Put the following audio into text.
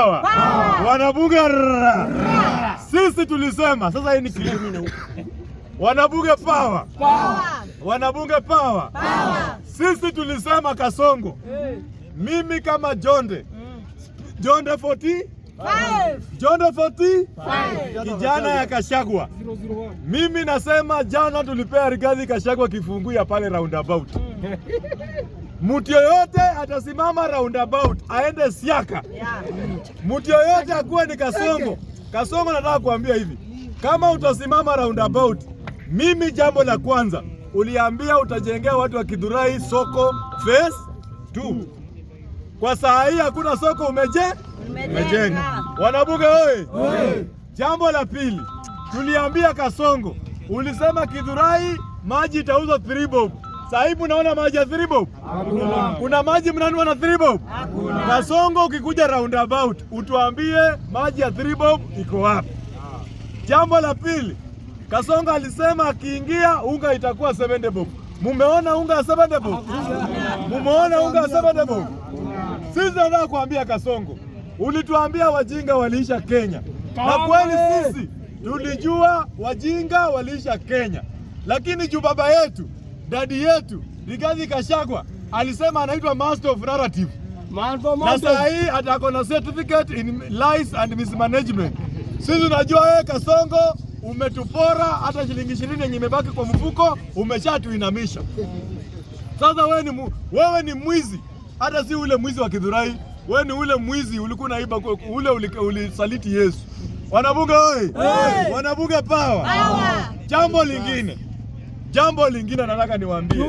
sawa. Wanabuga sisi tulisema sasa hii ni kilimo. Power. pawa, power. Power. Sisi tulisema Kasongo, eh. mimi kama Jonde, mm. Jonde 40 Jonde 40 kijana ya Kashagwa, mimi nasema jana tulipea Rigathi Kashagwa kifungu ya pale roundabout mm. Mtu yoyote atasimama roundabout aende siaka, mtu yoyote akuwe ni Kasongo. Kasongo, nataka kuambia hivi, kama utasimama roundabout, mimi jambo la kwanza uliambia utajengea watu wa Kidurai soko face tu. Kwa saa hii hakuna soko umeje umejenga, wanabuge oye. Jambo la pili tuliambia Kasongo, ulisema Kidurai maji itauzwa 3 bob sasa hivi maji ya three bob? Hakuna. Kuna maji mnanua na three bob? Hakuna. Kasongo, ukikuja roundabout utuambie maji ya three bob iko wapi? Jambo la pili, Kasongo alisema akiingia unga itakuwa seven bob. Mumeona unga ya seven bob? Mumeona unga ya seven bob? Sisi tunataka kuambia Kasongo, ulituambia wajinga waliisha Kenya, na kweli sisi tulijua wajinga waliisha Kenya, lakini juu baba yetu dadi yetu Rigathi Gachagua alisema anaitwa master of narrative na saa hii atako na certificate in lies and mismanagement. Sisi unajua wewe Kasongo umetupora hata shilingi ishirini yenye imebaki kwa mfuko umeshatuinamisha. Sasa wewe ni, wewe ni mwizi, hata si ule mwizi wa Kidhurai, wewe ni ule mwizi ulikuwa naiba ule ulisaliti Yesu. Wanabunge oye! Wanabunge pawa! Jambo lingine Jambo lingine nataka niwaambie